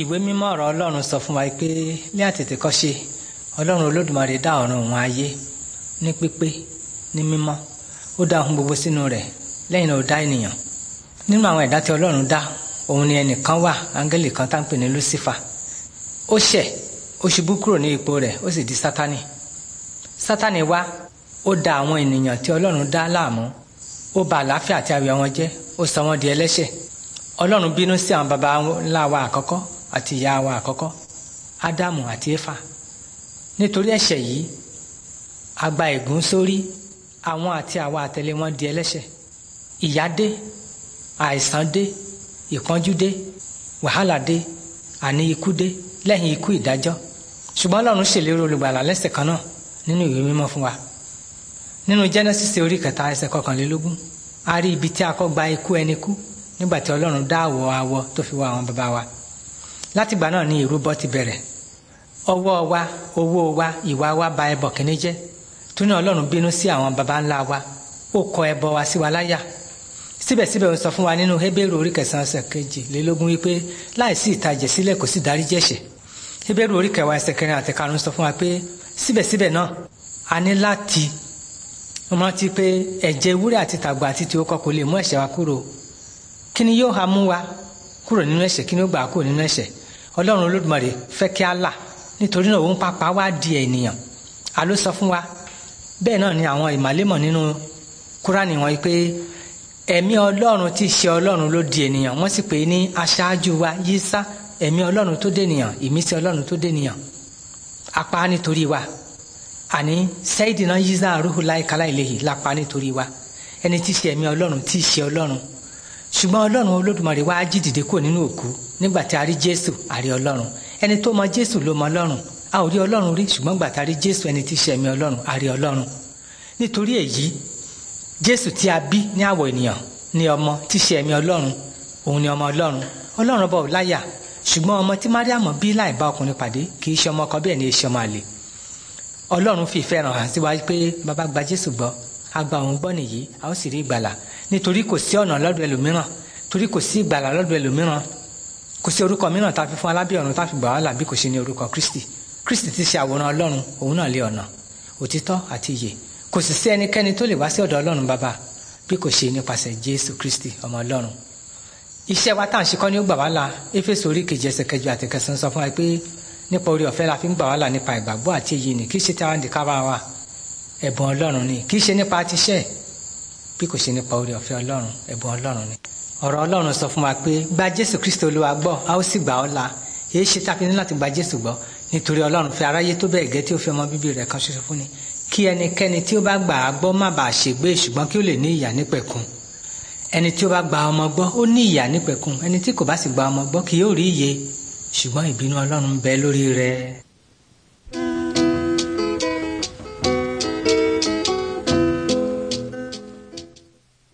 ìwé mímọ́ ọ̀rọ̀ ọlọ́run sọ fún wa pé ní àtètèkọ́ṣe ọlọ́run olódùmarè dá ọ̀run òun ayé ní pípé ní mímọ́ ó dá ohun gbogbo sínú rẹ̀ lẹ́yìn náà ó dá ènìyàn nínú àwọn ẹ̀dá tí ọlọ́run dá òun ni ẹnìkan wà áńgẹ́lì kan tá ń pè ní lucifer ó ṣẹ̀ ó ṣubú kúrò ní ipò rẹ̀ ó sì di sátani sátani wá ó da àwọn ènìyàn tí ọlọ́run dá láàmú ó ba àlàáfíà àti ayọ̀ wọn jẹ́ ó sọ wọn di ẹlẹ́ṣẹ̀ ọlọ́run bínú sí àwọn baba ńlá wa àkọ́kọ́ àti ìyá wa àkọ́kọ́ ádámù àti éfà nítorí ẹ̀ṣẹ̀ yìí a gba ègún sórí àwọn àti àwa àtẹ̀lé wọn di ẹlẹ́ṣẹ̀ ìyà dé àìsàn dé ìpọ́njú dé wàhálà dé àní ikú dé lẹ́yìn ikú ìdájọ́ ṣùgbọ́n ọlọ́run ṣèlérí olùgbàlà lẹ́sẹ̀ kan náà nínú ìwé mímọ́ fún wa nínú Genesis orí kẹta ẹsẹ̀ kọkànlélógún a rí ibi tí a kọ́ gba ikú ẹni kú nígbà tí ọlọ́run dá àwọ̀ awọ tó fi wá àwọn bàbá wa látìgbà náà ni ìrúbọ ti bẹ̀rẹ̀ ọwọ́ wa owó wa ìwà wa ba ẹbọ kìíní jẹ́ torí ọlọ́run bínú sí àwọn baba ńlá wa ó kọ ẹbọ wa sí wa láyà síbẹ̀síbẹ̀ ó sọ fún wa nínú Hébérù orí kẹsàn-án ẹsẹ̀ kejìlélógún wípé láìsí ìtajẹ̀ sílẹ̀ kò sí dáríjì ẹ̀ṣẹ̀ Hébérù orí kẹwàá ẹsẹ̀ kẹrin àti karùn sọ fún wa pé síbẹ̀síbẹ̀ náà a ní láti rántí pé ẹ̀jẹ̀ ewúrẹ́ àti tàgbà àti tí ó kọ́ kò lè mú ẹ̀ṣẹ̀ wa kúrò kí ni yóò ha mú wa kúrò nínú ẹ̀ṣẹ̀ kí ni ó gbà kúrò nínú ẹ̀ṣẹ̀ ọlọ́run olódùmarè fẹ́ kí a là nítorí náà òun pàápàá wá di ènìyàn àló sọ fún wa bẹ́ẹ̀ náà ni àwọn ìmàlẹ́mọ̀ nínú kúránì wọn pé ẹ̀mí ọlọ́run tí í ṣe ọlọ́run ló di ènìyàn wọ́n sì pè é ní aṣáájú wa yísá ẹ̀mí ọlọ́run tó dènìyàn ìmísí ọlọ́run tó dènìyàn apá nítorí wa àní sẹ́yìdìnà yísá àrùhù láìkálá ìlẹ́yìn lápá nítorí wa ẹni tí í ṣe ẹ̀mí ọlọ́run tí í ṣe ọlọ́run ṣùgbọ́n ọlọ́run olódùmarè wá jí dìde kúrò nínú òkú nígbà tí a rí jésù a rí ọlọ́run ẹni tó mọ jésù ló mọ ọlọ́run a ò rí ọlọ́run rí ṣùgbọ́n gbà tá a rí jésù ẹni tí ṣẹ̀mí ọlọ́run a rí ọlọ́run nítorí èyí jésù tí a bí ní àwọ̀ ènìyàn ni ọmọ tí ṣẹ̀mí ọlọ́run òun ni ọmọ ọlọ́run ọlọ́run ọba ò láyà ṣùgbọ́n ọmọ tí mariam bí láì bá ọkùnrin pàdé kì í ṣe ọmọ ọkọ bẹ́ẹ̀ ni ṣe ọmọ àlè ọlọ́run fi ìfẹ́ hàn sí wa pé bàbá gba jésù gbọ́ a gba òun gbọ́ nìyí a ó sì rí ìgbàlà nítorí kò sí ọ̀nà lọ́dọ̀ ẹlòmíràn torí kò sí ìgbàlà lọ́dọ̀ ẹlòmíràn kò sí orúkọ mìíràn tá a fi fún alábí ọ̀run tá a fi gbà wá là bí kò ṣe ní orúkọ Kristi Kristi ti ṣe àwòrán Ọlọ́run òun náà lé ọ̀nà òtítọ́ àti ìyè kò sì sí ẹnikẹ́ni tó lè wá sí ọ̀dọ̀ Ọlọ́run bàbá bí kò ṣe nípasẹ̀ Jésù Kristi ọmọ Ọlọ́run iṣẹ́ wa tá à ń ṣe kọ́ ni ó gbà wá là Éfésù orí kejì ẹsẹ̀ kẹjọ àti kẹsàn-án sọ fún wa pé nípa orí ọ̀fẹ́ la fi ń gbà wá là nípa ìgbàgbọ́ àti èyí ni kì í ṣe tí a ń di kábà wa ẹ̀bùn Ọlọ́run ni kì í ṣe nípa tiṣẹ́ bí kò ṣe nípa orí ọ̀fẹ́ Ọlọ́run ẹ̀bùn Ọlọ́run ni ọ̀rọ̀ ọlọ́run sọ fún wa pé gba jésù kristo olúwa gbọ́ a ó sì gbà ọ́ là èyí ṣe tàbí ní láti gba jésù gbọ́ nítorí ọlọ́run fẹ́ aráyé tó bẹ́ẹ̀ gẹ́ tí ó fi ọmọ bíbí rẹ̀ kan ṣoṣo fún ni kí ẹnikẹ́ni tí ó bá gbà á gbọ́ má bàa ṣègbé ṣùgbọ́n kí ó lè ní ìyà nípẹ̀kun ẹni tí ó bá gba ọmọ gbọ́ ó ní ìyà nípẹ̀kun ẹni tí kò bá sì gba ọmọ gbọ́ kì yóò rí ìyè ṣùgbọ́n ìbínú ọlọ́run bẹ lórí rẹ̀